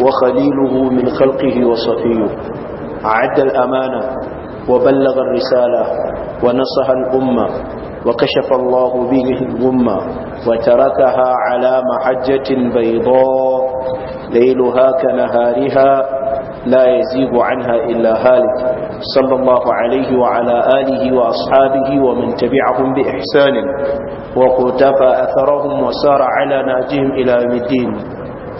وخليله من خلقه وصفيه أعد الأمانة وبلغ الرسالة ونصح الأمة وكشف الله به الغمة وتركها على محجة بيضاء ليلها كنهارها لا يزيغ عنها إلا هالك صلى الله عليه وعلى آله وأصحابه ومن تبعهم بإحسان وقتفى أثرهم وسار على ناجهم إلى الدين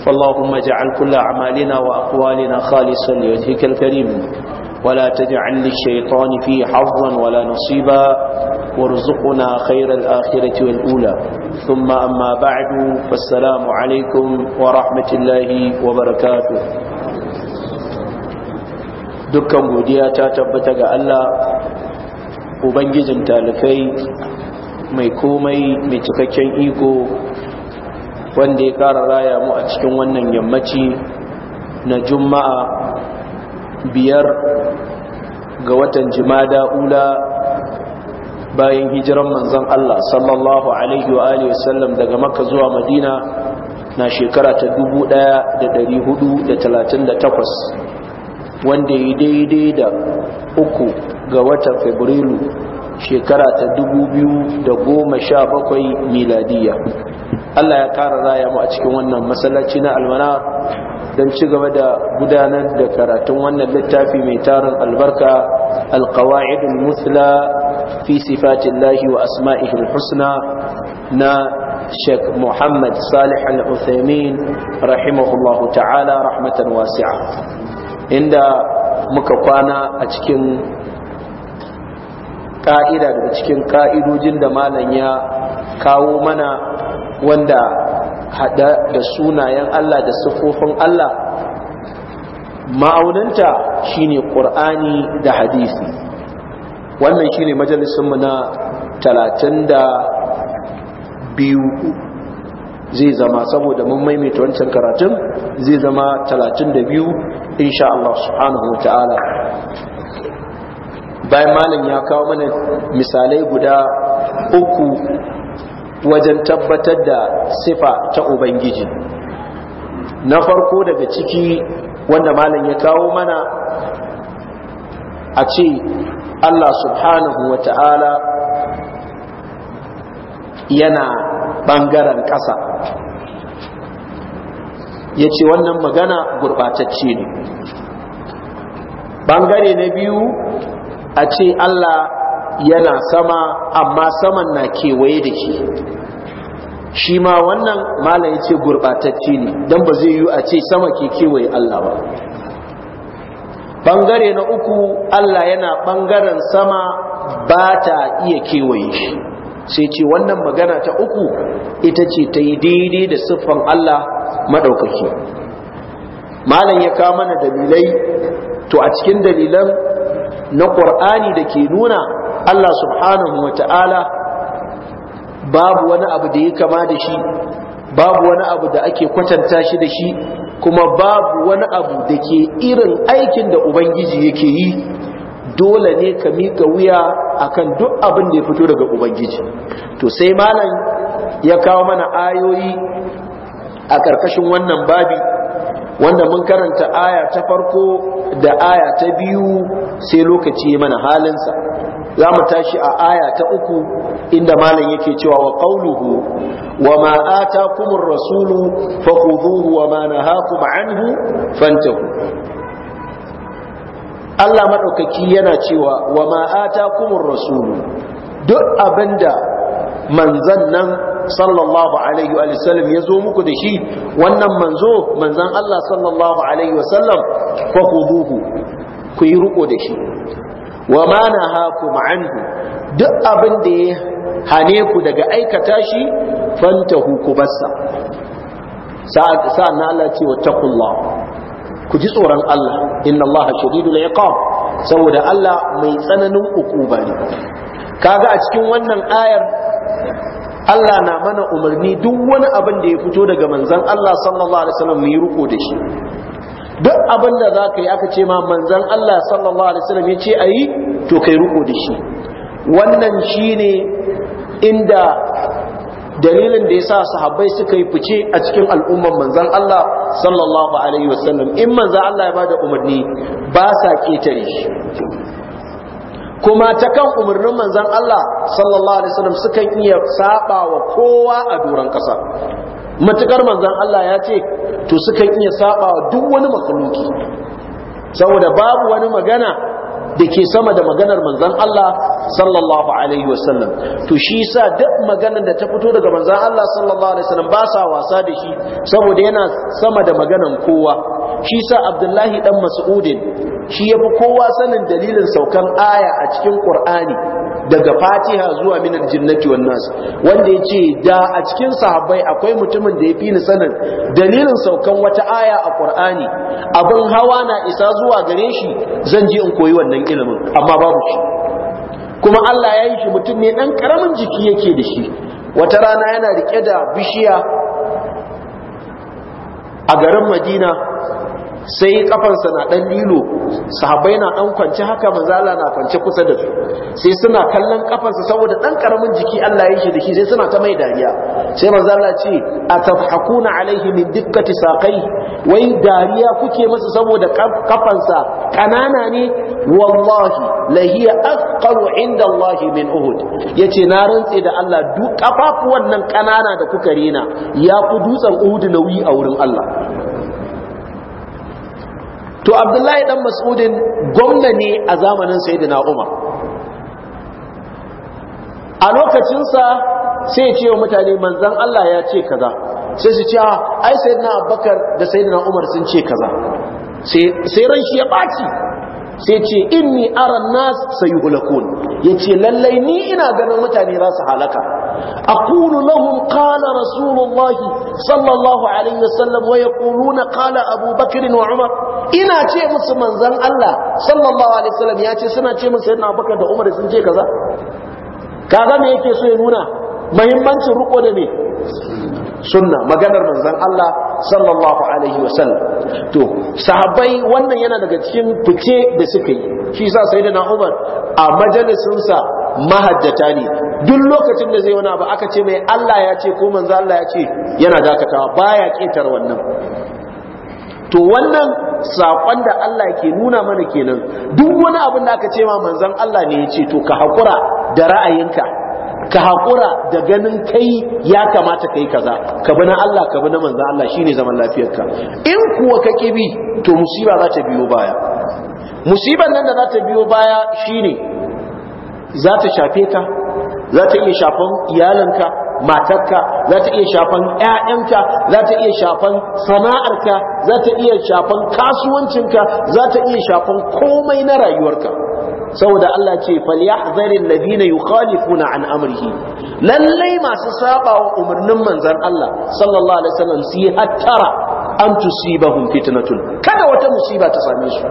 فاللهم اجعل كل أعمالنا وأقوالنا خالصا لوجهك الكريم ولا تجعل للشيطان فيه حظا ولا نصيبا وارزقنا خير الآخرة والأولى ثم أما بعد فالسلام عليكم ورحمة الله وبركاته دكا godiya ta tabbata ga Allah ubangijin talikai mai komai mai cikakken iko wanda ya kara raya mu a cikin wannan yammaci na juma'a biyar ga watan jimada ula bayan hijiran manzon Allah sallallahu alaihi wa alihi wasallam daga maka zuwa madina na shekara ta takwas wanda ya daidai da uku ga watan fabrilu shekara ta bakwai miladiya Allah ya kara raya mu a cikin wannan masallaci na almana don ci gaba da gudanar da karatun wannan littafi mai tarin albarka alƙawa'idul musla fi sifatillahi wa asma'ihil husna na Sheikh Muhammad Salih Al-Uthaymin rahimahullahu ta'ala rahmatan wasi'a inda muka kwana a cikin ka'ida daga cikin ka'idojin da malam ya kawo mana wanda hada da sunayen Allah da siffofin Allah ma'auninta shine Qur'ani da hadisi wannan shine majalisinmu na talatin da biyu zai zama saboda mun maimaita wancan karatun zai zama 32 insha Allah subhanahu wataala bayan malam ya kawo mana misalai guda uku wajen tabbatar da sifa ta ubangiji na farko daga ciki wanda malam ya kawo mana a ce Allah subhanahu wa ta'ala yana ɓangaren ƙasa ya ce wannan magana gurɓatacce ne ɓangare na biyu a ce Allah yana sama amma saman na kewaye da shi shi ma wannan malam yace gurbatacci ne don ba zai yi a ce sama ke kewaye Allah ba bangare na uku Allah yana bangaren sama ba ta iya kewaye shi sai ce wannan magana ta uku ita ce ta yi daidai da siffan Allah maɗaukaki malam ya kama mana dalilai to a cikin dalilan na ƙur'ani da ke nuna Allah subhanahu wa ta'ala babu wani abu da ya kama da shi babu wani abu da ake kwatanta shi da shi kuma babu wani abu da ke irin aikin da ubangiji yake yi dole ne ka miƙa wuya a kan duk abin da ya fito daga ubangiji to sai malam ya kawo mana ayoyi a ƙarƙashin wannan babi wanda mun karanta aya ta farko da aya ta biyu sai lokaci mana halinsa za mu tashi a aya ta uku inda malam yake cewa wa qauluhu wa ma atakumur rasulu fakhuduhu wa ma nahakum anhu fantahu Allah madaukaki yana cewa wa ma atakumur rasulu duk abinda manzan nan sallallahu alaihi wa sallam ya zo muku da shi wannan manzo manzan Allah sallallahu alaihi wa sallam fakhuduhu ku yi ruko da shi wa ma haku anhu duk abin da ya hane ku daga aikata shi fanta ku sa'an Allah ce wa taqullah ku ji tsoron Allah inna Allah na iqab saboda Allah mai tsananin ukuba ne kaga a cikin wannan ayar Allah na mana umarni duk wani abin da ya fito daga manzan Allah sallallahu alaihi wasallam mu yi ruko da shi duk abin da za ka yi aka ce ma manzan Allah sallallahu alaihi wasallam ya ce a yi to kai ruko da shi wannan shi ne inda dalilin da ya sa sahabbai suka yi fice a cikin al'umman manzan Allah sallallahu alaihi wasallam in manzan Allah ya bada umarni ba sa ketare shi kuma ta kan umarnin manzan Allah sallallahu alaihi wasallam sukan iya saba wa kowa a doron ƙasa matukar manzan Allah ya ce to sukan iya saba duk wani makaluki saboda babu wani magana da ke sama da maganar manzan Allah sallallahu alaihi wasallam to shi yasa duk maganar da ta fito daga manzan Allah sallallahu alaihi wasallam ba sa wasa da shi saboda yana sama da maganar kowa shi sa abdullahi dan mas'udin shi yafi kowa sanin dalilin saukan aya a cikin qur'ani daga fatiha zuwa minar jinnati wan nas wanda yace da a cikin sahabbai akwai mutumin da yafi ni sanin dalilin saukan wata aya a qur'ani abin hawa na isa zuwa gare shi zan je in koyi wannan ilimin amma babu shi kuma Allah ya yi shi mutum ne dan karamin jiki yake da shi wata rana yana rike da bishiya a garin madina sai kafansa na ɗan lilo sahabai na dan kwance haka mazala na kwance kusa da su sai suna kallon kafansa saboda ɗan karamin jiki Allah ya shi da shi sai suna ta mai dariya sai mazala ce atafhakuna alaihi min dikkati saqai wai dariya kuke masa saboda kafansa ƙanana ne wallahi lahiya afqaru inda Allah min uhud yace na rantse da Allah duk kafafuwan nan ƙanana da kuka rena ya ku dutsen uhud nauyi a wurin Allah to abdullahi dan mas'udin gwamna ne a zamanin sayyidina umar a lokacinsa sai ya ce wa mutane manzan Allah ya ce kaza sai su ce ah, ai sayyidina abubakar da sayyidina umar sun ce kaza sai ran shi ya ɓaci sai ce inni aran nas sayuhlakun yace lallai ni ina ganin mutane za su halaka aqulu lahum qala rasulullah sallallahu alaihi wasallam wa yaquluna qala abu wa umar ina ce musu manzon Allah sallallahu alaihi wasallam ya ce suna ce musu sayyidina abubakar da umar sun ce kaza kaga me yake so ya nuna muhimmancin ruko da me sunna maganar manzon Allah sallallahu alaihi wasallam to sahabbai wannan yana daga cikin fice da suka yi shi yasa sayyidina Umar a majalisinsa mahaddata ne duk lokacin da zai wani abu aka ce mai Allah ya ce ko manzo Allah ya ce yana dakatawa baya ketar wannan to wannan saƙon da Allah ke nuna mana kenan duk wani abin da aka ce ma manzon Allah ne ya ce to ka hakura da ra'ayinka ka haƙura da ganin kai ya kamata kai kaza ka bi na Allah ka bi na manzan Allah shine zaman lafiyarka in kuwa ka bi to musiba za ta biyo baya musibar nan da za ta biyo baya shine za ta shafe ka za ta iya shafan iyalanka matarka za ta iya shafan 'ya'yanka, za ta iya shafan sana'arka za ta iya shafan kasuwancinka za ta iya shafan komai na rayuwarka saboda Allah ce falyahzari alladhina yukhalifuna an amrihi lallai masu saba wa umarnin manzon Allah sallallahu alaihi wasallam su yi hattara an tusibahum fitnatun kada wata musiba ta same su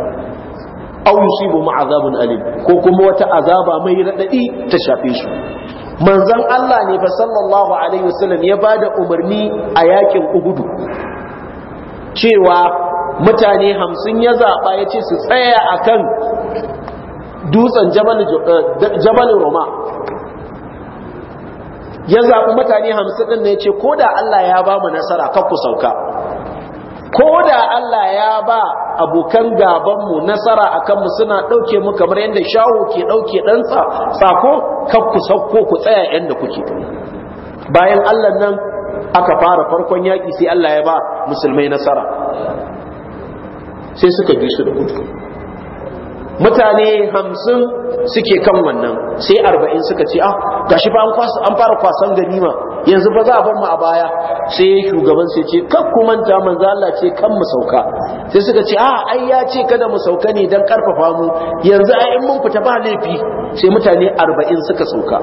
aw yusibu ma'azabun alim ko kuma wata azaba mai radadi ta shafe su manzon Allah ne fa sallallahu alaihi wasallam ya bada umarni a yakin Uhudu cewa mutane hamsin ya zaɓa ya ce su tsaya akan dutsen jamanin eh, roma ya zaɓi mutane hamsin ɗin ne ce ko da Allah ya ba mu nasara ku sauka ko da Allah ya ba abokan gabanmu nasara a kanmu suna ɗauke mu kamar yadda shawo ke ɗauke ɗansa sako ku sauko ku tsaya yadda kuke bayan Allah nan aka fara farkon yaƙi sai Allah ya ba musulmai nasara sai suka bi su da kutu. mutane hamsin suke kan wannan sai arba'in suka ce ah gashi fa an fara kwasan ganima yanzu ba za a bar mu a baya sai shugaban sai ce kan ku manta manzo Allah ce kan mu sauka sai suka ce ah ai ya ce kada mu sauka ne dan karfafa mu yanzu ai in mun fita ba laifi sai mutane arba'in suka sauka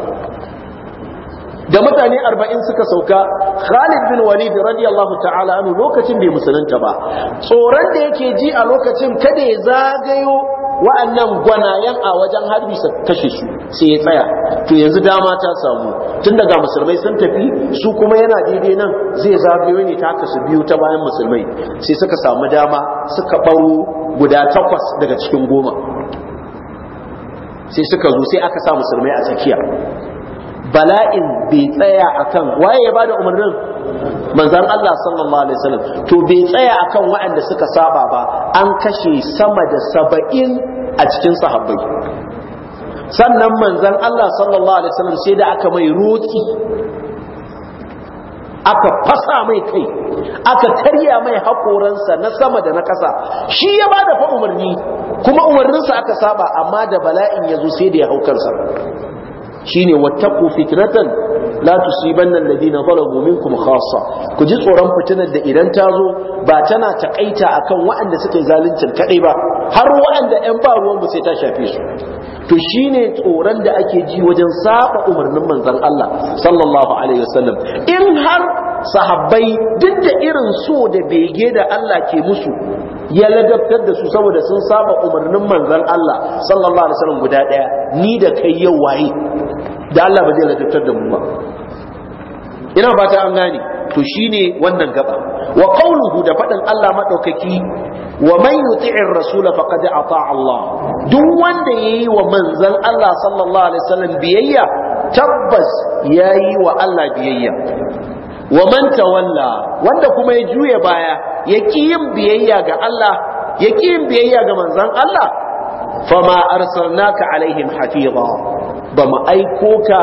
da mutane arba'in suka sauka Khalid bin Walid radiyallahu ta'ala anu lokacin bai musulunta ba tsoron da yake ji a lokacin kada ya zagayo wa'annan gwanayen a wajen harbi su kashe su sai ya tsaya to yanzu dama ta samu tun daga musulmai sun tafi su kuma yana daidai nan zai zagayo ne ta kasu biyu ta bayan musulmai sai suka samu dama suka baro guda takwas daga cikin goma sai suka zo sai aka sa musulmai a tsakiya bala'in bai tsaya akan waye ya bada umarnin manzan Allah sallallahu alaihi wasallam to bai tsaya akan waɗanda suka saba ba an kashe sama da saba'in a cikin sahabbai sannan manzan Allah sallallahu alaihi wasallam sai da aka mai roki aka fasa mai kai aka karya mai haƙoransa na sama da na ƙasa shi ya ba da fa umarni kuma umarninsa aka saba amma da bala'in ya zo sai da ya haukarsa shine wattaqu fitnatan la tusibanna alladhina zalamu minkum khassa ku ji tsoron fitinar da idan ta zo ba tana takaita akan waɗanda suke zaluncin kadai ba har waɗanda ƴan ba ruwan mu sai ta shafe su to shine tsoron da ake ji wajen saba umarnin manzon Allah sallallahu alaihi wasallam in har sahabbai duk da irin so da bege da Allah ke musu ya ladabtar da su saboda sun saba umarnin manzon Allah sallallahu alaihi wasallam guda daya ni da kai yau waye da Allah ba zai ladabtar da mu ba ina fata an gane to shine wannan gaba wa qawluhu da faɗin Allah madaukaki wa man yuti'ir rasula faqad ata Allah duk wanda yayi wa manzon Allah sallallahu alaihi wasallam biyayya tabbas yayi wa Allah biyayya wa man tawalla wanda kuma ya juye baya ya yin biyayya ga Allah ya yin biyayya ga manzon Allah fama arsalnaka alaihim hafiza ba mu aiko ka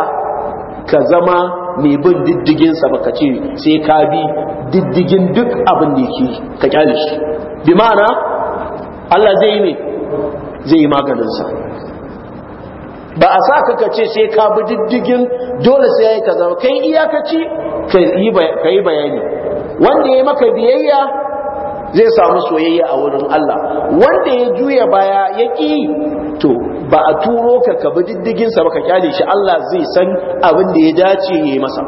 ka zama mai bin diddiginsa ba ka ce sai ka bi diddigin duk abin da yake ka kyale shi bi ma'ana Allah zai yi ne zai yi maganinsa ba a sa ka ce sai ka bi diddigin dole sai ya yi ka zama kai iyakaci ka yi bayani wanda ya maka biyayya zai samu soyayya a wurin Allah wanda ya juya baya ya ki to ba a turo ka ka diddiginsa ba ka kyale shi Allah zai san abin da ya dace yi masa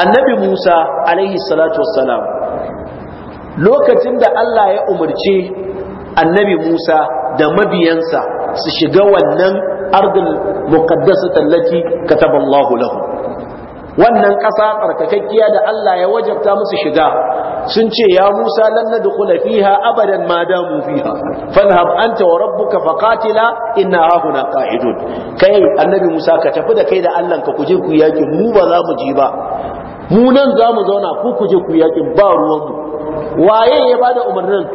annabi Musa alaihi salatu wassalam lokacin da Allah ya umarci annabi Musa da mabiyansa su shiga wannan ardul muqaddasata allati kataballahu lahu wannan ƙasa tsarkakakkiya da Allah ya wajabta musu shiga sun ce ya Musa lan nadkhula fiha abadan ma damu fiha fanhab anta wa rabbuka faqatila inna hahuna qa'idun kai annabi Musa ka tafi da kai da Allah ka kuje ku yaki mu ba za mu ji ba mu nan za mu zauna ku kuje ku yaki ba ruwan mu waye ya bada umarnin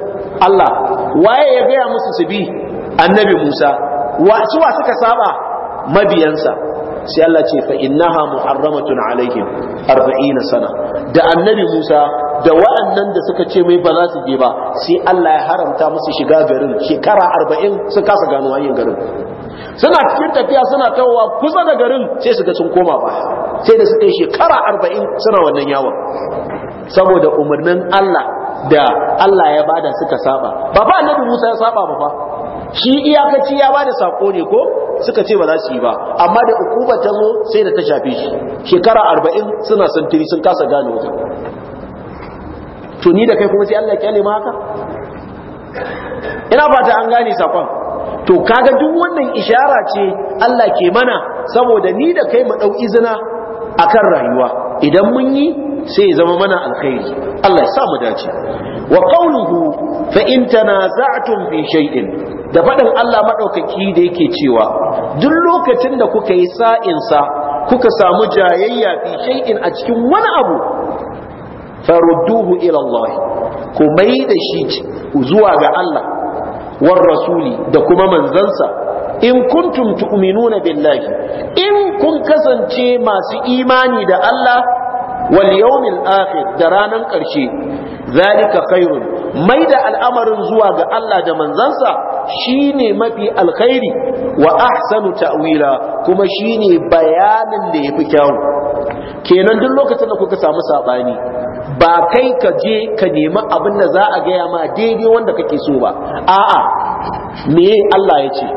Allah waye ya gaya musu su bi annabi Musa wa suwa suka saba mabiyansa sai Allah ce fa innaha muharramatun alaihim 40 sana da annabi Musa da wa'annan da suka ce mai ba za su je ba sai Allah ya haramta musu shiga garin shekara 40 sun kasa gano hanyar garin suna cikin tafiya suna tawowa kusa da garin sai su ga sun koma ba sai da suka yi shekara 40 suna wannan yawon saboda umarnin Allah da Allah ya bada suka saba ba ba annabi Musa ya saba ba fa shi iyakaci ya bada sako ne ko suka ce ba za su yi ba amma da ukuba ta zo sai da ta shafe shi shekara arba'in suna santiri sun kasa gane wata to ni da kai kuma sai Allah ya kyale ma haka ina fata an gane sakon to kaga duk wannan ishara ce Allah ke mana saboda ni da kai mu dau izina akan rayuwa idan mun yi sai ya zama mana alkhairi Allah ya sa mu dace wa qawluhu fa in tanaza'tum fi shay'in da faɗin Allah maɗaukaki da yake cewa duk lokacin da kuka yi sa'insa kuka samu jayayya fi shay'in a cikin wani abu farudduhu ila Allah ku mai da shi zuwa ga Allah war rasuli da kuma manzansa in kuntum tu'minuna billahi in kun kasance masu imani da Allah wal yawmil akhir da ranan ƙarshe zalika khairun mai da al'amarin zuwa ga Allah da manzansa ne mafi alkhairi wa ahsanu ta'wila kuma shine bayanin da ya fi kyawu kenan duk lokacin da kuka samu saɓani, ba kai ka je ka nemi abin da za a gaya ma daidai wanda kake so ba a'a me Allah ya ce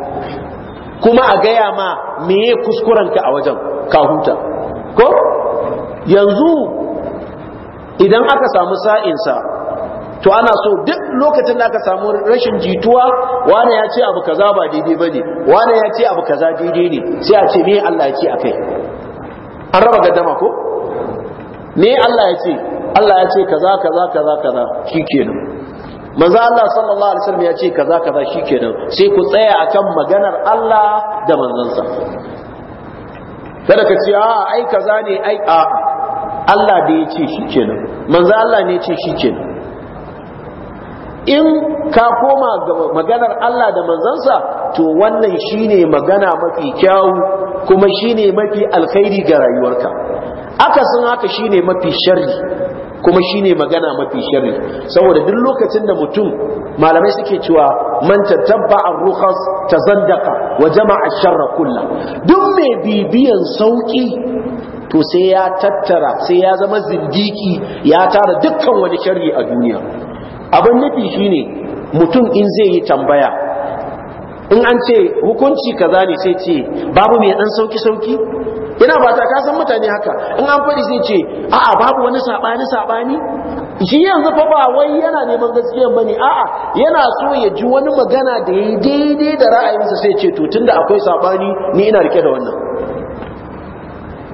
kuma a gaya ma me kuskuranka a wajen ka huta ko yanzu idan aka samu sa'insa to ana so duk lokacin da aka samu rashin jituwa wani ya ce abu kaza ba daidai bane wani ya ce abu kaza daidai ne sai a ce me Allah ya ce akai an raba gaddama ko me Allah ya ce Allah ya ce kaza kaza kaza kaza shikenan manzo Allah sallallahu alaihi wasallam ya ce kaza kaza shikenan sai ku tsaya akan maganar Allah da manzansa kada ka ce a ai kaza ne ai a Allah da ya ce shikenan manzo Allah ne ya ce shikenan in ka koma ga maganar Allah da manzansa to wannan shine magana mafi kyau, kuma shine mafi alkhairi ga rayuwarka akasin haka shine mafi sharri kuma shine magana mafi sharri saboda duk lokacin da mutum malamai suke cewa man tattaba ar-rukhas tazandaqa wa jama'a ash-sharr kullu duk mai bibiyan sauki to sai ya tattara sai ya zama zindiki ya tara dukkan wani sharri a duniya abin nufi ne mutum in zai yi tambaya in an ce hukunci kaza ne sai ce babu mai dan sauki sauki ina ba ta kasan mutane haka in an faɗi sai ce a'a babu wani saɓani saɓani shi yanzu fa ba wai yana neman gaskiya ba ne a'a yana so ya ji wani magana da ya daidai da ra'ayinsa sai ce to tunda akwai saɓani ni ina rike da wannan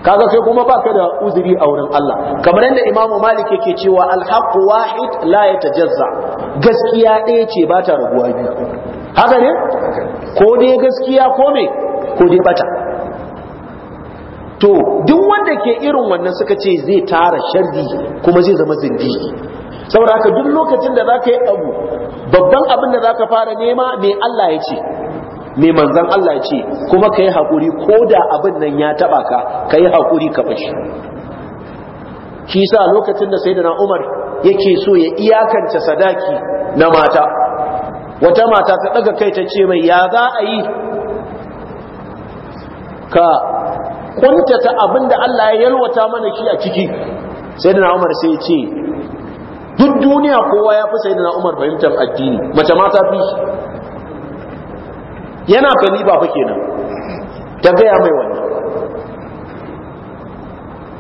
kaga sai kuma baka da uzuri a wurin Allah kamar yadda Imam Malik yake cewa al-haqq wahid la yatajazza gaskiya ɗaya ce ba ta rabuwa biyu haka ne ko dai gaskiya ko me ko dai bata to duk wanda ke irin wannan suka ce zai tara sharri kuma zai zama zindigi saboda haka duk lokacin da zaka yi abu babban abin da zaka fara nema me Allah ya ce Mai Manzan Allah ya ce kuma ka yi haƙuri ko da abin nan ya taɓa ka ka yi haƙuri ka bashi shi sa lokacin da sai da umar yake so ya iyakanta sadaki na mata wata mata ta ɗaga kai ta ce mai ya za a yi ka kwantata abin da Allah ya yalwata mana shi a ciki sai da umar sai ce duk duniya kowa ya fi sai da umar fahimtar addini mace mata fi yana fani ba fa kenan ta gaya mai wannan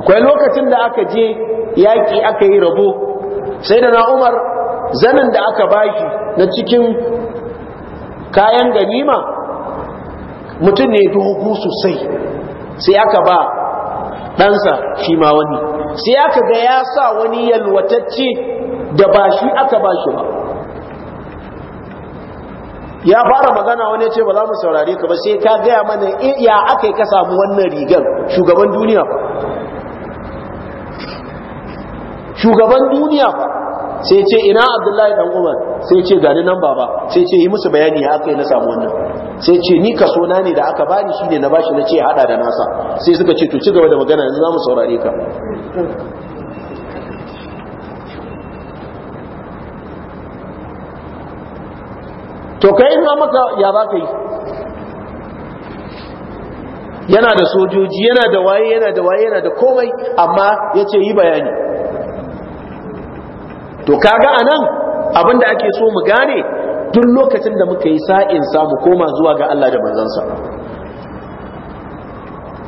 akwai lokacin da aka je yaƙi aka yi rabo sai da na umar zanin da aka bashi na cikin kayan ganima mutum ne dogo sosai sai aka ba ɗansa shi ma wani sai aka ga ya sa wani yalwatacce da ba shi aka ba shi ba ya fara magana wani ya ce ba za mu saurare ka ba sai ka gaya mana ya aka yi ka samu wannan rigar shugaban duniya ba shugaban duniya ba sai ce ina abdullahi dan umar sai ce gani nan baba sai ce yi musu bayani ya aka yi na samu wannan sai ce ni ka na ne da aka bani shi ne na bashi na ce hada da nasa sai suka ce to ci gaba da magana yanzu za mu saurare ka to kai in maka ya ba ka yi yana da sojoji yana da waye yana da waye yana da komai amma ya ce yi bayani to kaga a nan abinda ake so mu gane duk lokacin da muka yi sa'in samu koma zuwa ga Allah da manzansa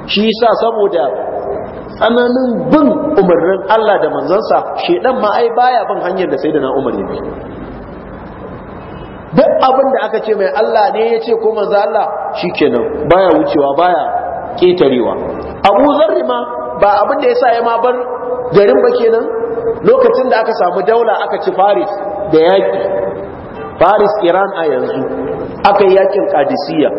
shi sa saboda tsananin bin umarnin Allah da manzansa shedan ma ai baya bin hanyar da sai da na umar duk abin da aka ce mai Allah ne ya ce ko manzo Allah kenan baya wucewa baya ketarewa Abu Zarri ma ba abin da yasa ya ma bar garin ba kenan lokacin da aka samu daula aka ci Faris da yaki Faris Iran a yanzu aka yi yaƙin Qadisiyya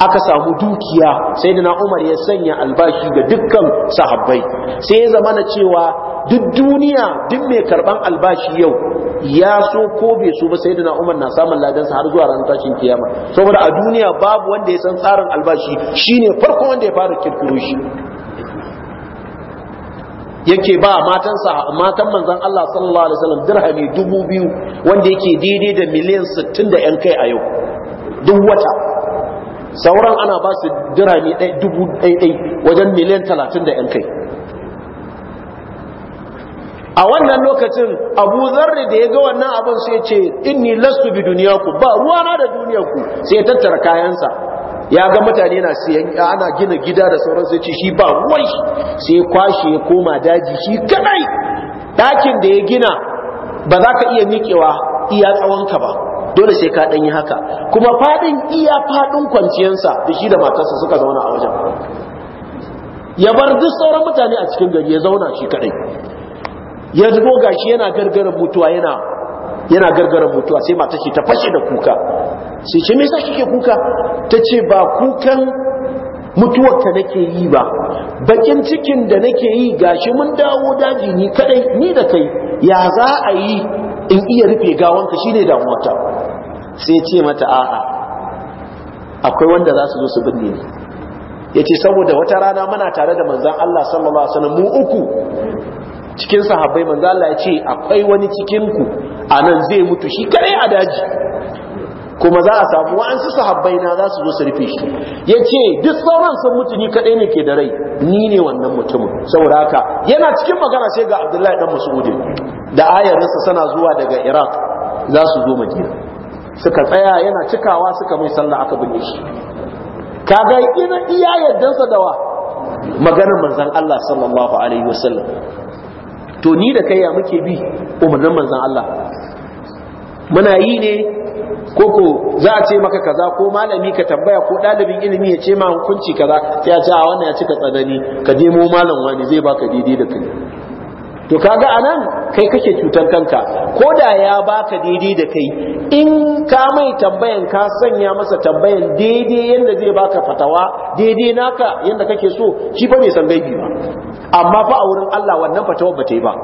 aka samu dukiya sai da na Umar ya sanya albashi ga dukkan sahabbai sai ya zama na cewa duk duniya duk mai karban albashi yau ya so ko bai so ba sai da umar na samun ladansa har zuwa ranar tashin kiyama saboda a duniya babu wanda ya san tsarin albashi shine farko wanda ya fara kirkiro shi yake ba matansa matan manzon Allah sallallahu alaihi wasallam dirhami dubu biyu wanda yake daidai da miliyan 60 da yan kai a yau duk wata sauran ana ba su dirhami dubu ɗai wajen miliyan 30 da yan kai a wannan lokacin abu zarri da ya ga wannan abin sai ce inni lasu bi duniyaku ba ruwana da ku, sai ya tattara kayansa ya ga mutane na siyan ana gina gida da sauran sai ce shi ba ruwan sai ya kwashe ya koma daji shi kadai dakin da ya gina ba za ka iya miƙewa iya tsawonka ba dole sai ka ɗanyi haka kuma faɗin iya faɗin kwanciyarsa da shi da matarsa suka zauna a wajen ya bar duk sauran mutane a cikin gari ya zauna shi kadai ya zo gashi yana gargaran mutuwa yana yana gargaran mutuwa sai mata ce ta fashe da kuka sai ce me yasa kike kuka ta ce ba kukan ka nake yi ba bakin cikin da nake yi gashi mun dawo daji ni kadai ni da kai ya za a yi in iya rufe gawanka shine damuwata sai ce mata a'a akwai wanda za su zo su binne ni yace saboda wata rana muna tare da manzon Allah sallallahu alaihi mu uku cikin sahabbai manzo Allah ya ce akwai wani cikin ku anan zai mutu shi kare a daji kuma za a samu wa'ansu sahabbai na za su zo su rufe shi ya ce duk sauran sun mutu ni kaɗai ne ke da rai ni ne wannan mutumin saboda haka yana cikin magana sai ga abdullahi dan mas'udin da ayarinsa sana zuwa daga iraq za su zo madina suka tsaya yana cikawa suka mai sallah aka binne shi kaga ina iya yaddansa da wa maganar manzon Allah sallallahu alaihi wasallam to ni da kai ya muke bi umarnin manzon Allah muna yi ne ko za a ce maka kaza ko malami ka tambaya ko ɗalibin ilimi ya ce ma hukunci kaza sai a ce a wannan ya cika tsanani ka nemo malam wani zai baka daidai da kai to kaga anan kai kake cutar kanka ko da ya baka daidai da kai in ka mai tambayan ka sanya masa tambayan daidai yanda zai baka fatawa daidai naka yanda kake so shi fa bai san gaibi ba amma fa a wurin Allah wannan fatawar ba ta yi ba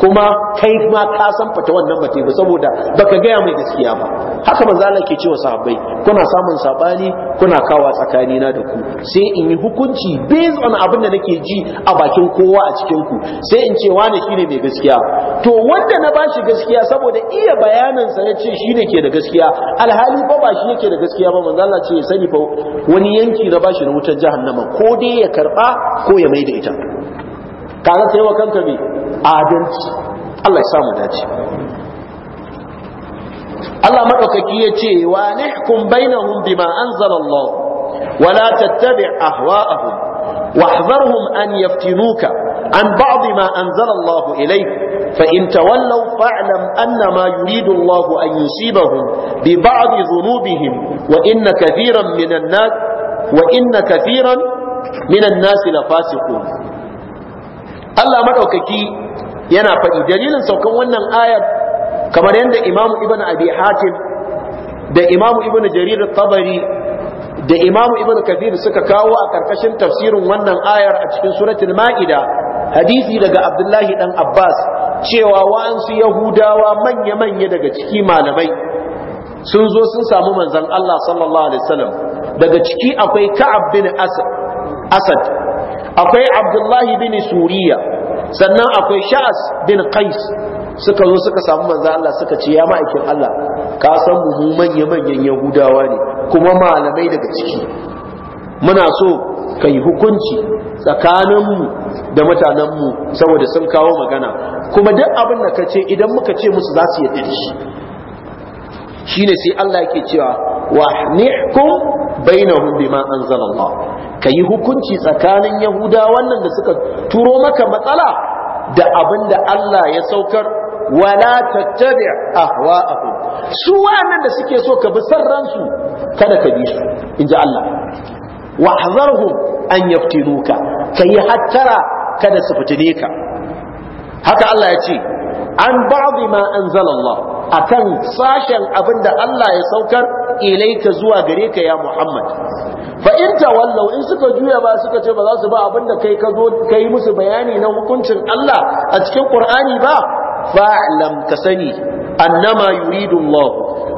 kuma kai ma ka san fata wannan mace ba saboda baka gaya mai gaskiya ba haka manzo Allah ke cewa sahabbai kuna samun sabani kuna kawa tsakani na da ku sai in yi hukunci based on abin da nake ji a bakin kowa a cikin ku sai in ce wani shine mai gaskiya to wanda na bashi gaskiya saboda iya bayanan sa yace shine ke da gaskiya alhali ba ba shi yake da gaskiya ba manzo Allah ce sani fa wani yanki na bashi na wutar jahannama ko dai ya karba ko ya maida ita tare ta yi wa kanka mai adalci Allah ya samu dace Allah maɗaukaki ya ce wa nihkum bainahum bima anzal Allah wa la tattabi ahwa'ahum wa hum an yaftinuka an ba'd ma anzal Allah ilayk fa in tawallaw fa'lam anna ma yuridu Allah an yusibahum bi ba'd dhunubihim wa inna katiran min wa inna katiran min an-nas Allah madaukaki yana faɗi dalilin saukan wannan ayar kamar yadda Imam Ibn Abi Hatim da Imam Ibn Jarir Tabari da Imam Ibn Kathir suka kawo a karkashin tafsirin wannan ayar a cikin suratul Ma'ida hadisi daga Abdullahi dan Abbas cewa wa'ansu Yahudawa manya-manya daga ciki malamai sun zo sun samu manzon Allah sallallahu alaihi wasallam daga ciki akwai Ka'ab bin Asad akwai abdullahi bin suriya sannan akwai sha'as bin qais suka zo suka samu manzo Allah suka ce ya ma'aikin Allah ka san mu manya manyan yahudawa ne kuma malamai daga ciki muna so kai hukunci tsakanin mu da mutanen mu saboda sun kawo magana kuma duk abin da kace idan muka ce musu za su yi shi shine sai Allah yake cewa wa nihkum bainahum bima anzalallah kayi hukunci tsakanin yahuda wannan da suka turo maka matsala da abinda Allah ya saukar wala tattabi' ahwa'ahum su wannan da suke so ka bi sarransu kada ka bi su inji Allah wahzarhum an yaftinuka kayi hattara kada su fitine ka haka Allah ya ce an ba'd ma anzalallah akan sashen abinda Allah ya saukar ilaika zuwa gare ka ya Muhammad fa in in suka juya ba suka ce ba za su ba abinda kai ka zo kai musu bayani na hukuncin Allah a cikin Qur'ani ba Fa ka sani annama yuridu Allah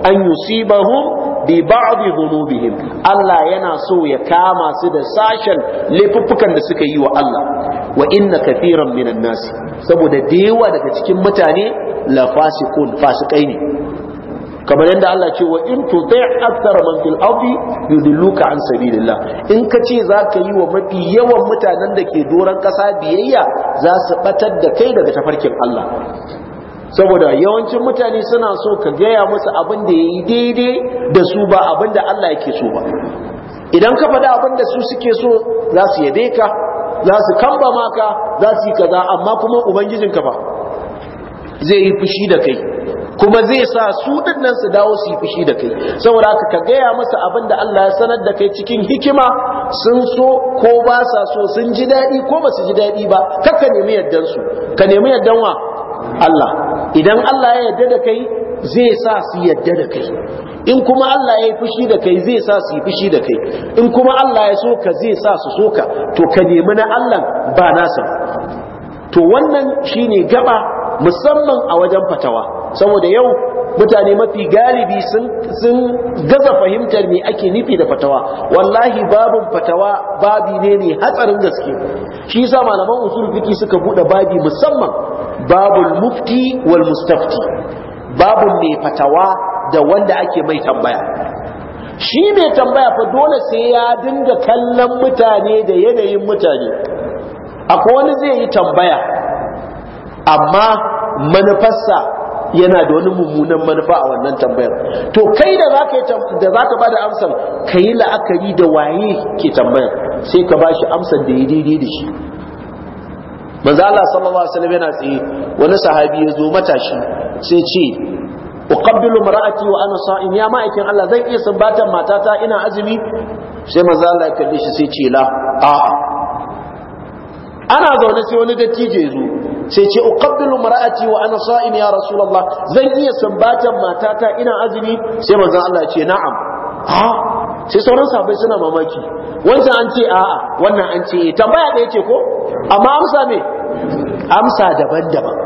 an yusibahum bi ba'd dhunubihim Allah yana so ya kama su da sashen laifuffukan da suka yi wa Allah wa inna kathiran minan nas saboda da yawa daga cikin mutane la fasiqun fasikai ne kamar yadda Allah ce wa in tuti akthara man fil ardi yudilluka an sabilillah in ka ce zaka yi wa mafi yawan mutanen da ke doran kasa biyayya za su batar da kai daga tafarkin Allah saboda yawancin mutane suna so ka gaya musu abin da yayi daidai da su ba abin da Allah yake so ba idan ka fada abin da su suke so za su yabe ka za su kamba maka za su yi kaza amma kuma ubangijinka ba zai yi fushi da kai kuma zai sa su dinnan su dawo su yi fushi da kai saboda haka ka gaya masa abin da Allah ya sanar da kai cikin hikima sun so ko ba sa so sun ji daɗi ko ba su ji daɗi ba kar ka nemi yardan su ka nemi yardan wa Allah idan Allah ya yarda da kai zai sa su yarda da kai in kuma Allah ya yi fushi da kai zai sa su yi fushi da kai in kuma Allah ya so ka zai sa su so to ka nemi na Allah ba nasa to wannan shine gaba musamman a wajen fatawa saboda yau mutane mafi galibi sun gaza fahimtar me ake nufi da fatawa wallahi babin fatawa babi ne mai hatsarin gaske shi yasa malaman usul fiqi suka bude babi musamman babul mufti wal mustafti babun mai fatawa da wanda ake mai tambaya shi mai tambaya fa dole sai ya dinga kallon mutane da yanayin mutane akwai wani zai yi tambaya amma manufarsa yana da wani mummunan manufa a wannan tambayar to kai da za ka da za ka ba da amsar ka yi la'akari da waye ke tambayar sai ka ba shi amsar da ya daidai da shi manzo Allah sallallahu alaihi wasallam yana tsaye wani sahabi ya zo matashi sai ce uqabbilu mar'ati wa ana sa'im ya ma'aikin Allah zan iya sambatan matata ina azumi sai manzo Allah ya kalle shi sai ce la a'a ana zaune sai wani dattijo ya zo sai ce uqabbilu mar'ati wa ana sa'im ya rasulullah zan iya sambatar matata ina azumi sai manzon Allah ya ce na'am ha sai sauran sahabbai suna mamaki wancan an ce a'a wannan an ce eh. tambaya ɗaya ce ko amma amsa me amsa daban-daban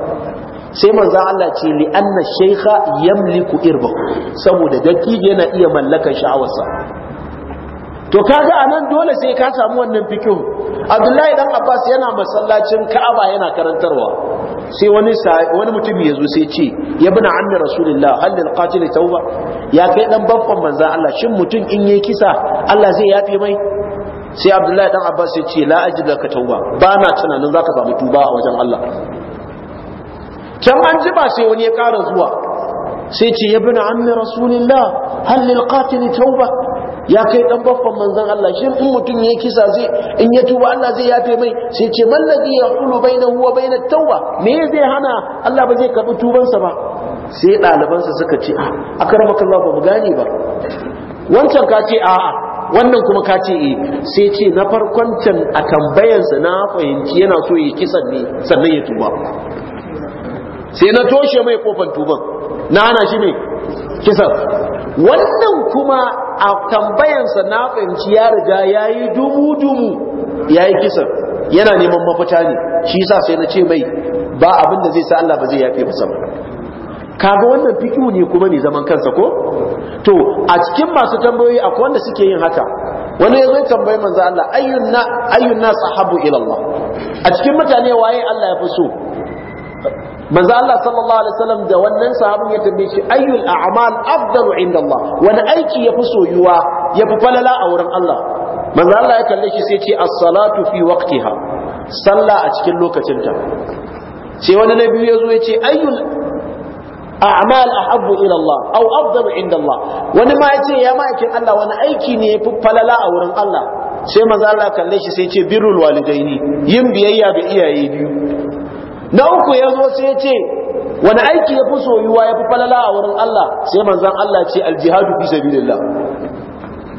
sai manzo Allah ce li anna shaykha yamliku irbahu saboda dattijo yana iya mallakar sha'awarsa to kaga anan dole sai ka samu wannan fikihu abdullahi dan abbas yana masallacin ka'aba yana karantarwa sai wani wani mutum ya zo sai ce ya bina annabi rasulullahi hal lil qatil tauba ya kai dan babban manzon Allah shin mutum in yayi kisa Allah zai yafe mai sai abdullahi dan abbas ya ce la ajid ka tauba ba na tunanin zaka samu tuba a wajen Allah can an ji ba sai wani ya kara zuwa sai ce ya bina annabi rasulullahi hal lil qatil tauba ya kai dan baffan manzon Allah Shin in mutum yayi kisa zai in ya tuba Allah zai yafe mai sai ce man ladhi yaqulu bainahu wa bain at-tawba me zai hana Allah ba zai karbi tubansa ba sai ɗalibansa suka ce a ah, akaramaka Allah ba mu gane ba wancan ka ce a'a wannan kuma ka ce eh sai ce na farkon can a tambayansa na fahimci yana so ya kisan ne sannan ya tuba sai na toshe mai kofar tuban na ana shi ne kisan wannan kuma a tambayansa na fahimci ya riga ya yi dubu-dubu ya yi kisan yana neman mafita ne shi yasa sai na ce mai ba abin da zai sa Allah ba zai yafe masa ba kaga wannan fikiu ne kuma ne zaman kansa ko to a cikin masu tambayoyi a wanda suke yin haka wani ya zai tambayi manzo Allah ayyun na ayyun ila Allah a cikin mutane waye Allah ya fi so manzo Allah sallallahu alaihi wasallam da wannan sahabin ya tambaye shi ayyul a'mal afdalu inda Allah wani aiki yafi soyuwa yafi falala a wurin Allah manzo Allah ya kalle shi sai ce as-salatu fi waqtiha sallah a cikin lokacinta sai wani na biyu zo ya ce ayyul a'mal ahabbu ila Allah aw afdalu inda Allah wani ma ce ya ma Allah wani aiki ne yafi falala a wurin Allah sai manzo Allah kalle shi sai ce birrul walidaini yin biyayya ga iyaye biyu na uku ya zo sai ya ce wani aiki ya fi soyuwa ya fi falala a wurin Allah sai manzan Allah ce aljihadu fi sabilillah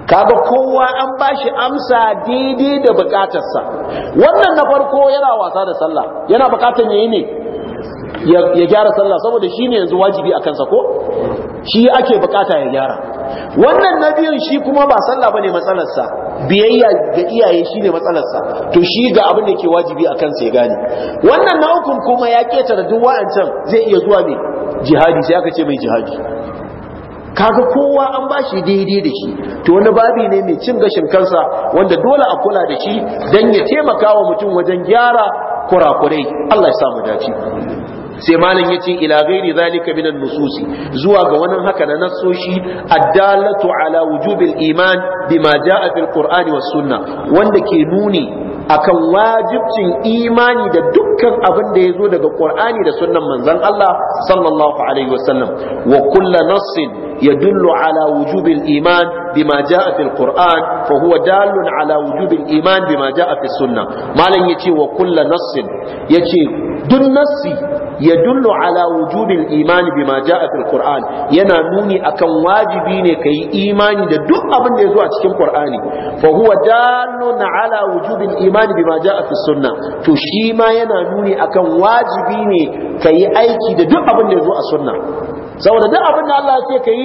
kaga kowa an ba shi amsa daidai da bukatarsa wannan na farko yana wasa da sallah yana bukatar yayi ne ya gyara sallah saboda shi ne yanzu wajibi a kansa ko shi ake bukata ya gyara wannan na biyun shi kuma ba sallah bane matsalarsa biyayya ga iyaye shi ne matsalarsa to shi ga abin da ke wajibi a kansa ya gane wannan na kuma ya da duk wa'ancan zai iya zuwa ne jihadi sai aka ce mai jihadi kaga kowa an ba bashi daidai da shi to wani babi ne mai cin gashin kansa wanda dole a kula da shi dan ya taimaka wa mutum wajen gyara kurakurai Allah ya samu dace sai malam yace ila ghairi zalika min nususi zuwa ga wannan haka na nasoshi addalatu ala wujubil iman bima jaa fil qur'ani was sunna wanda ke nuni akan wajibcin imani da dukkan abin da yazo daga qur'ani da sunnan manzon Allah sallallahu alaihi wasallam wa kullu nassin ala wujubil iman bima jaa fil qur'an fa huwa dalun ala wujubil iman bima jaa fis malam yace wa kullu nassin yace duk nassi ya dullu ala wujubil imani bima ja'a fil qur'an yana nuni akan wajibi ne kai imani da duk abin da ya zo a cikin qur'ani fa huwa dallun ala wujubil imani bima ja'a fis sunna to shi ma yana nuni akan wajibi ne kai aiki da duk abin da ya zo a sunna saboda duk abin da Allah ya ce kai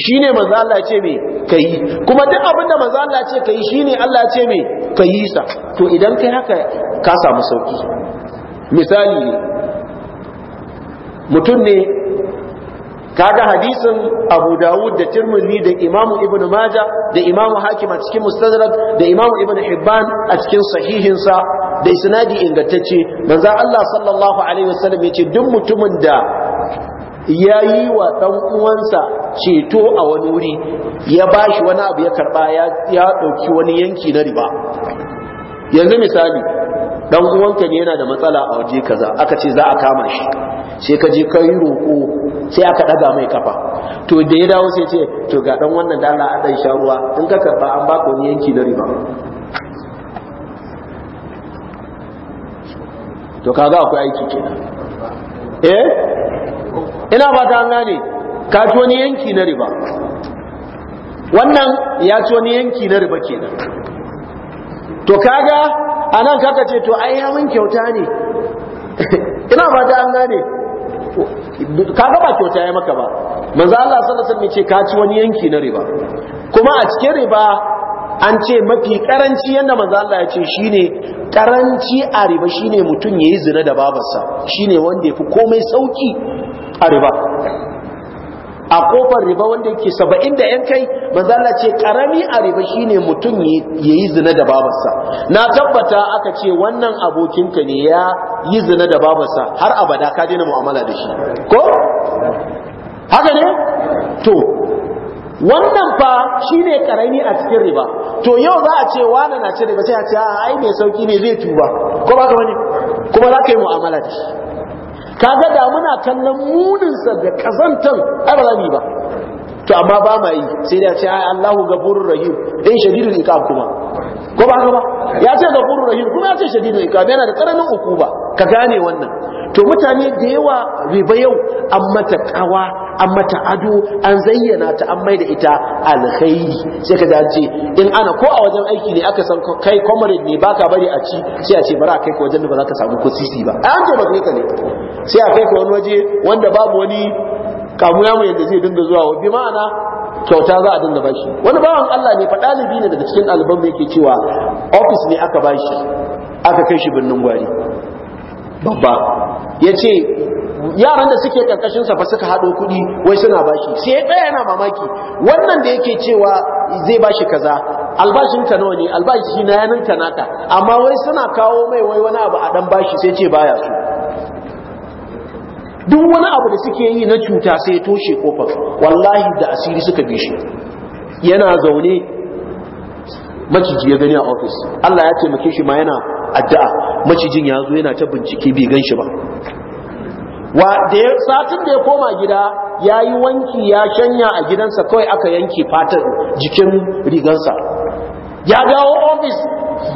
shine manzo Allah ya ce me kai kuma duk abin da manzo Allah ya ce kai shine Allah ya ce me kai sa to idan kai haka ka samu sauki misali mutum ne ga hadisin abu dawud da tirmidhi da imamu ibn maja da imamu hakim a cikin mustadrak da imamu ibn hibban a cikin sahihinsa da isnadi ingantacce manzo Allah sallallahu alaihi wasallam yace duk mutumin da ya yi wa ɗan uwansa ceto a wani wuri ya bashi wani abu ya karɓa ya ɗauki wani yanki na riba yanzu misali dan uwanka ne yana da matsala a waje kaza aka ce za a kama shi sai ka je ka yi roƙo sai aka daga mai kafa to da ya dawo sai ce to ga dan wannan da Allah a dan sha ruwa in ka karba an baka wani yanki na riba to kaga akwai aiki kenan eh ina ba ta gane ka ci wani yanki na riba wannan ya ci wani yanki na riba kenan to kaga a nan kaka ce to ai mun kyauta ne ina ba ta an gane ka ba kyauta ya maka ba manzo Allah sallallahu alaihi wasallam ce ka ci wani yanki na riba kuma a cikin riba an ce mafi karanci yanda manzo Allah ya ce shine karanci a riba shine mutum yayi zina da babarsa shine wanda yafi komai sauki a riba a kofar riba wanda yake saba'in da yan kai manzala ce karami a riba shine mutum ya yi zina da babarsa na tabbata aka ce wannan abokinka ne ya yi zina da babarsa har abada ka daina mu'amala da shi ko haka ne to wannan fa shine karami a cikin riba to yau za a ce wani na ci riba sai a ce ai mai sauki ne zai tuba ko ba ka wani kuma za ka yi mu'amala da shi kaga da muna kallon muninsa da kazantan abalami ba to amma ba ma yi sai da ce ai Allahu gafurur rahim dai shadidul iqab kuma ko ba ka ba ya ce gafurur rahim kuma ya ce shadidul iqab yana da karamin ukuba ka gane wannan to mutane da yawa riba yau amma ta kawa an mata ado an zayyana ta an mai da ita alkhairi sai ka ce in ana ko a wajen aiki ne aka san kai comrade ne baka bari a ci sai a ce bara kai ka wajen da ba za ka samu ko sisi ba an to ba ka ne sai a kai ka wani waje wanda babu wani kamuya mu yadda zai dinga zuwa wa bi ma'ana kyauta za a dinga bashi wani bawan Allah ne fa dalibi ne daga cikin ɗaliban da yake cewa office ne aka bashi aka kai shi birnin gwari babba ya ce yaran da suke karkashin sa fa suka hado kuɗi wai suna bashi sai ɗaya yana mamaki wannan da yake cewa zai bashi kaza albashin ta nawa ne albashi na yanin naka amma wai suna kawo mai wai wani abu a dan bashi sai ce baya su duk wani abu da suke yi na cuta sai toshe kofar wallahi da asiri suka bi shi yana zaune maciji ya gani a ofis Allah ya taimake shi ma yana addu'a macijin ya zo yana ta bincike bai gan shi ba wa da satin da ya koma gida ya yi wanki ya shanya a gidansa kawai aka yanke fatar jikin rigansa ya dawo ofis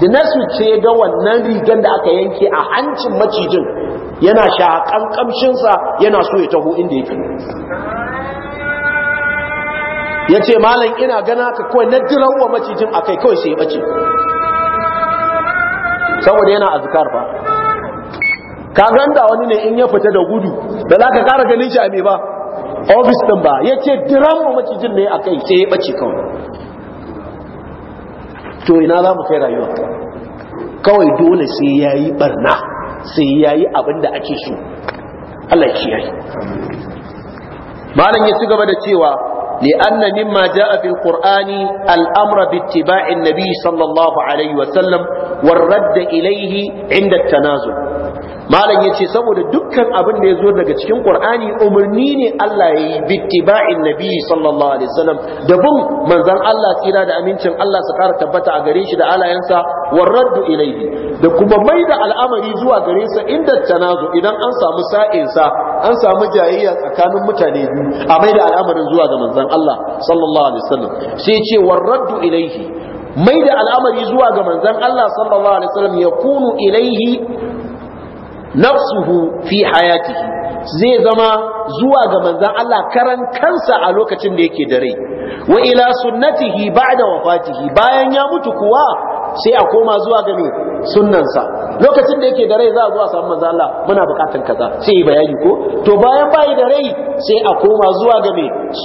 da su ce ga wannan rigan da aka yanke a hancin macijin yana shaƙan ƙamshinsa, yana so ya taho inda yake ya ce malam ina gana ka kawai na jiran wa macijin a kai kawai sai ya ɓace saboda yana azkar ba ka ganda wani ne in ya fita da gudu da za ka kara ganin shi a me ba ofis din ba ya ce diran mu macijin ne a kai sai ya ɓace kawai to ina za mu kai rayuwa kawai dole sai ya yi barna sai ya yi abin da ake so Allah shi yayi malam ya ci gaba da cewa li anna mimma jaa fil qur'ani al amra bi ittiba'i an-nabi sallallahu alaihi wa sallam war radd ilayhi 'inda at-tanazul malam yace saboda dukkan abin da yazo daga cikin qur'ani umarni ne Allah yayi bittiba'in nabi sallallahu alaihi wasallam da bin manzon Allah tsira da amincin Allah su kara tabbata a gare shi da alayansa warradd ilaihi da kuma mai da al'amari zuwa gare sa inda tanazu idan an samu sa an samu jayayya tsakanin mutane biyu a mai da al'amarin zuwa ga manzon Allah sallallahu alaihi wasallam sai ce warradd ilaihi mai da al'amari zuwa ga manzon Allah sallallahu alaihi wasallam ya kunu ilaihi nafsuhu fi hayatihi zai zama zuwa ga manzan Allah karan kansa a lokacin da yake da rai wa ila sunnatihi ba'da wafatihi bayan ya mutu kuwa sai a koma zuwa ga sunnansa lokacin da yake da rai za a zuwa a samu manzan Allah muna bukatun kaza sai yi bayani ko to bayan bayi da rai sai a koma zuwa ga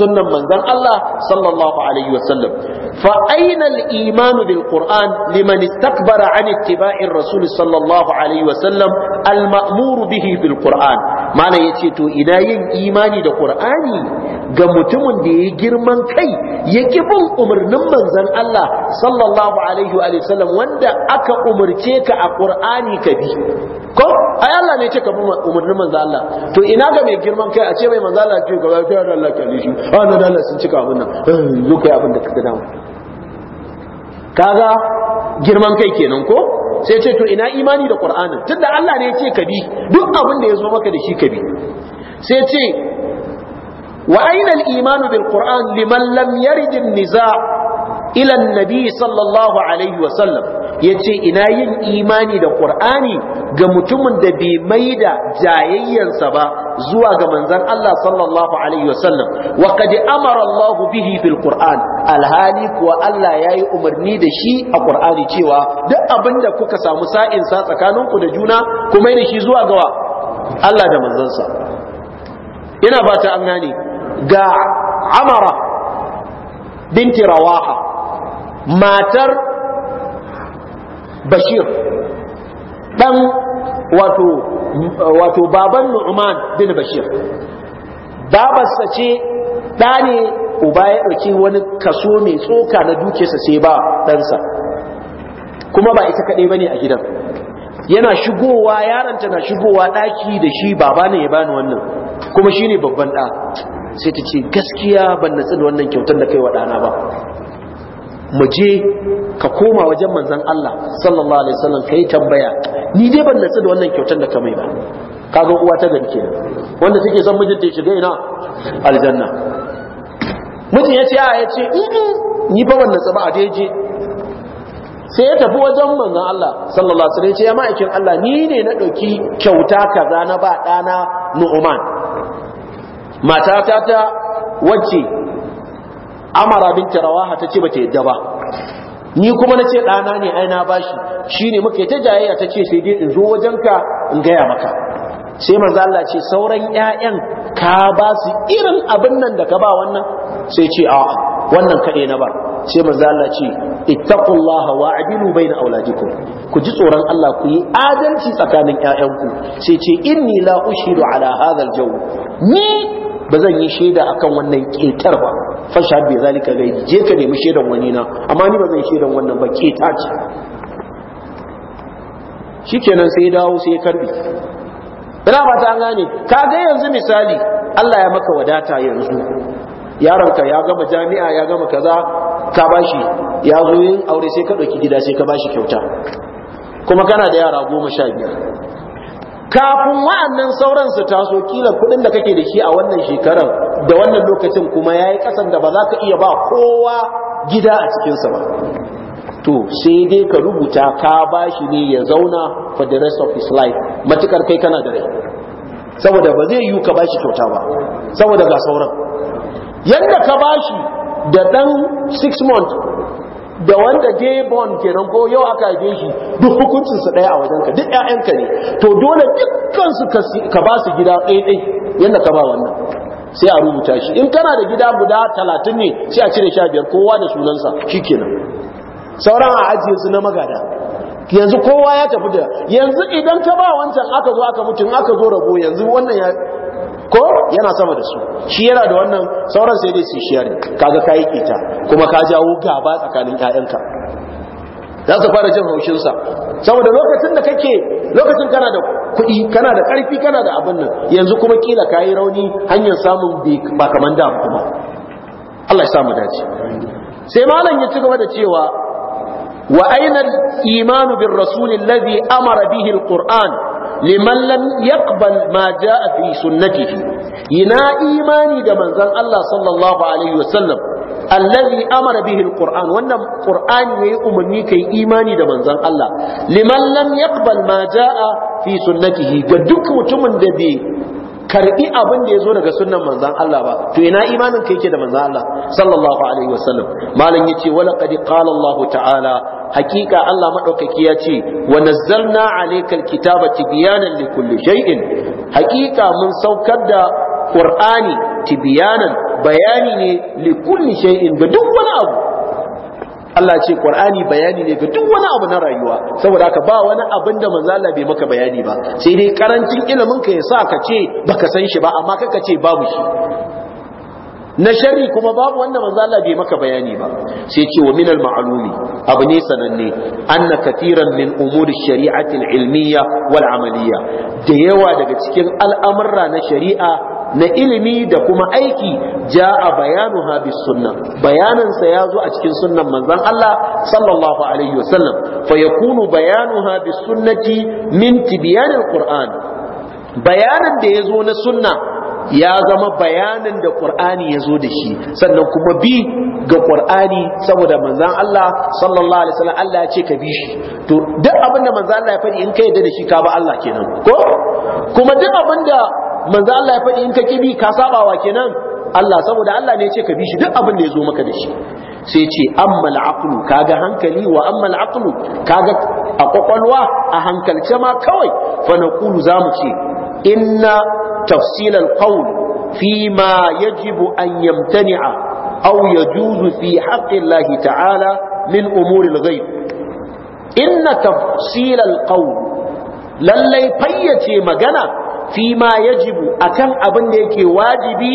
sunnan manzan Allah sallallahu alaihi wasallam fa aina al-iman bil anittiba'in liman istakbara an ittiba'ir rasul sallallahu alaihi wa sallam al bihi bil qur'an yace to ina yin imani da qur'ani ga mutumin da ya girman kai ya bin umarnin manzon Allah sallallahu alaihi wa sallam wanda aka umarce ka a qur'ani ka bi ko ai Allah ne ce ka bin umarnin manzon Allah to ina ga mai girman kai a ce mai manzon Allah ce ka bi Allah kyale shi ana da Allah sun cika abin nan zo kai abin da ka ga dama kaga girman kai kenan ko sai ce to ina imani da qur'anin tunda Allah ne ya ce ka bi duk abin da ya zo maka da shi ka bi sai ce wa aina al-iman bil qur'an liman lam yarid an-niza' ila an-nabi sallallahu alaihi wa sallam ya ce ina yin imani da ƙur'ani ga mutumin da bai mai da jayayyansa ba zuwa ga manzan Allah sallallahu alaihi wasallam wa qad amara Allah bihi fil Qur'an alhali kuwa Allah yayi umarni da shi a Qur'ani cewa duk abinda kuka samu sa'in sa tsakaninku da juna kuma da shi zuwa gawa Allah da manzansa ina fata an gane ga Amara binti Rawaha matar bashir dan wato wato baban nu'man bin bashir babarsa ce ɗa ne uba ya ɗauki wani kaso mai tsoka na dukiyarsa sai ba ɗansa kuma ba ita kaɗai ba ne a gidan yana shigowa yaranta na shigowa ɗaki da shi baba ne ya bani wannan kuma shi ne babban ɗa sai ta ce gaskiya ban natsu da wannan kyautar da kai wa ɗana ba mu je ka koma wajen manzon Allah sallallahu alaihi wasallam kai tambaya ni dai ban natsu da wannan kyautar da ka mai ba kaga uwa ta gani kenan wanda take son mijinta ya shiga ina aljanna mijin ya ce a ya ce ni fa ban natsu ba a je sai ya tafi wajen manzon Allah sallallahu alaihi wasallam ya ce ya ma'aikin Allah ni ne na dauki kyauta kaza na ba dana Nu'man matata ta wacce amara binti rawaha ta ce bata yadda ba ni kuma na ce ɗana ne aina bashi shine muke ta jayayya ta ce sai dai in zo wajenka in gaya maka sai manzo ce sauran 'ya'yan ka ba su irin abin nan da ka ba wannan sai ce a'a wannan kaɗe na ba sai manzo Allah ce ittaqullaha wa'dilu baina auladikum ku ji tsoron Allah ku yi adalci tsakanin ƴaƴanku sai ce inni la ushidu ala hadha al ni ba zan yi shaida akan wannan ketar ba fasha bai zalika gaidi je ka nemi shaidan wani na amma ni ba zan shaidan wannan ba keta ce shikenan sai dawo sai karbi ina ba ta gane ka ga yanzu misali Allah ya maka wadata yanzu yaronka ya gama jami'a ya gama kaza ka bashi ya zo yin aure sai ka ɗauki gida sai ka bashi kyauta kuma kana da yara goma sha biyar kafin wa'annan sauran su taso kila kudin da kake da shi a wannan shekarar da wannan lokacin kuma ya yi kasan da ba za ka iya ba kowa gida a cikinsa ba to sai dai ka rubuta ka bashi ne ya zauna for the rest of his life matukar kai kana da rai saboda ba zai yiwu ka bashi kyauta ba saboda ga sauran yadda ka ba shi da ɗan 6 month da wanda day born kenan ko yau aka haife shi duk hukuncin su daya a wajen ka duk ƴaƴanka ne to dole dukkan su ka ba su gida ɗaya ɗaya yanda ka ba wannan sai a rubuta shi in kana da gida guda talatin ne sai a cire sha biyar kowa da sunansa shikenan sauran a ajiye su na magada yanzu kowa ya tafi da yanzu idan ka ba wancan aka zo aka mutum aka zo rabo yanzu wannan ko yana sama da su shi yana da wannan sauran sai dai su shi yare kaga ka yi kita kuma ka jawo gaba tsakanin ƴaƴanka za su fara jin haushinsa saboda lokacin da kake lokacin kana da kuɗi kana da ƙarfi kana da abin nan yanzu kuma kila kayi rauni hanyar samun ba kaman da kuma Allah ya sa mu dace sai malam ya ci gaba da cewa wa aina imanu bir rasulillazi amara bihi alquran liman lam yaqbal ma jaa fi sunnatihi ina imani da manzon Allah sallallahu alaihi wasallam allazi amara bihi alquran wannan qur'ani yayi umarni kai imani da manzon Allah liman lam yaqbal ma jaa fi sunnatihi ga duk mutumin da bai karbi abin da ya zo daga sunnan manzan Allah ba to ina imanin ka yake da manzan Allah sallallahu alaihi wasallam malam yace wala qad qala Allah ta'ala hakika Allah madaukaki ya ce wa nazzalna alaykal kitaba tibyanan likulli shay'in hakika mun saukar da qur'ani tibyanan bayani ne likulli shay'in ga duk wani abu Allah ce Qur'ani bayani ne ga duk wani abu na rayuwa saboda haka ba wani abin da manzo Allah bai maka bayani ba sai dai karancin ilimin ka yasa ka ce baka san shi ba amma kaka ce babu shi na shari kuma babu wanda manzo Allah bai maka bayani ba sai ce wa min al ma'lumi abu ne sananne anna katiran min umuri shari'ati al wal amaliya da yawa daga cikin al'amurra na shari'a na ilimi da kuma aiki ja bayanu ha bis sunna bayanan ya zo a cikin sunnan manzan Allah sallallahu alaihi wasallam fa yakunu bayanu ha bis sunnati min tibyanil qur'an bayanan da zo na sunna ya zama bayanin da Qur'ani ya zo da shi sannan kuma bi ga Qur'ani saboda manzan Allah sallallahu alaihi wasallam Allah ya ce ka bi shi to duk abin da manzan Allah ya faɗi in ka yarda da shi ka ba Allah kenan ko kuma duk abin da manzo Allah ya faɗi in ka kibi ka wa kenan Allah saboda Allah ne ya ce ka bi shi duk abin da ya zo maka da shi sai ce amma al'aqlu kaga hankali wa amma al'aqlu kaga a kwakwalwa a hankalce ma kawai fa naqulu zamu ce inna tafsil al-qawl fi ma yajibu an yamtani'a aw yajuzu fi haqqi Allah ta'ala min umuri al-ghaib inna tafsil al-qawl lallai fayyace magana fi ma a akan abin da yake wajibi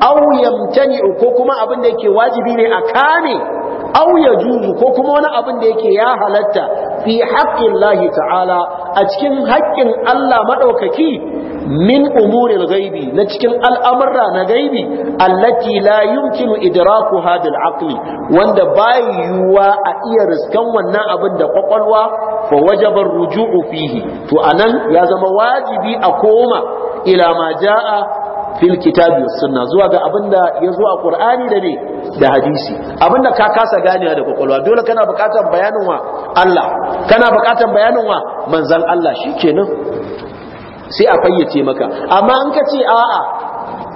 aw yamtani'u ko kuma abin da yake wajibi ne a kame aw ko kuma wani abin da yake ya halatta fi haqqillahi ta'ala a cikin haƙƙin Allah maɗaukaki min umurin gaibi na cikin al'amurra na gaibi allati la yumkinu idraku hadil aqli wanda bayan yiwuwa a iya riskan wannan abin da kwakwalwa fa wajaba ruju'u fihi to anan ya zama wajibi a koma ila ma jaa fil kitabi was sunna zuwa ga abinda ya zo a qur'ani da ne da hadisi abinda ka kasa ganewa da kwakwalwa dole kana bukatar bayanin wa Allah kana bukatar bayanin wa manzon Allah shikenan sai a fayyace maka amma in ka ce a'a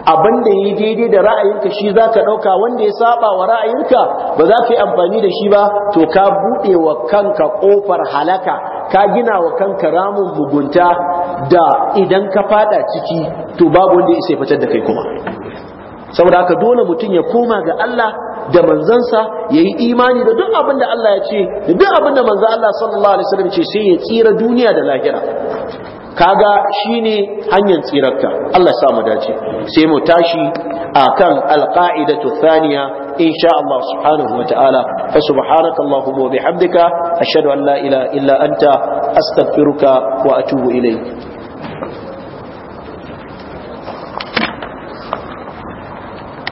abin da yi daidai da ra'ayinka shi za ka ɗauka wanda ya saba wa ra'ayinka ba za ka yi amfani da shi ba to ka buɗe wa kanka ƙofar halaka ka gina wa kanka ramin mugunta da idan ka fada ciki to babu wanda ya fitar da kai kuma saboda haka dole mutum ya koma ga Allah da manzansa ya yi imani da duk abin da Allah ya ce da duk abin da manzan Allah sallallahu alaihi wasallam ce sai ya tsira duniya da lahira kaga shine hanyar tsirarka Allah ya mu dace sai mu tashi akan alqaidatu thaniya insha Allah subhanahu wa ta'ala fa subhanakallahumma wa bihamdika ashhadu an la ilaha illa anta astaghfiruka wa atubu ilayk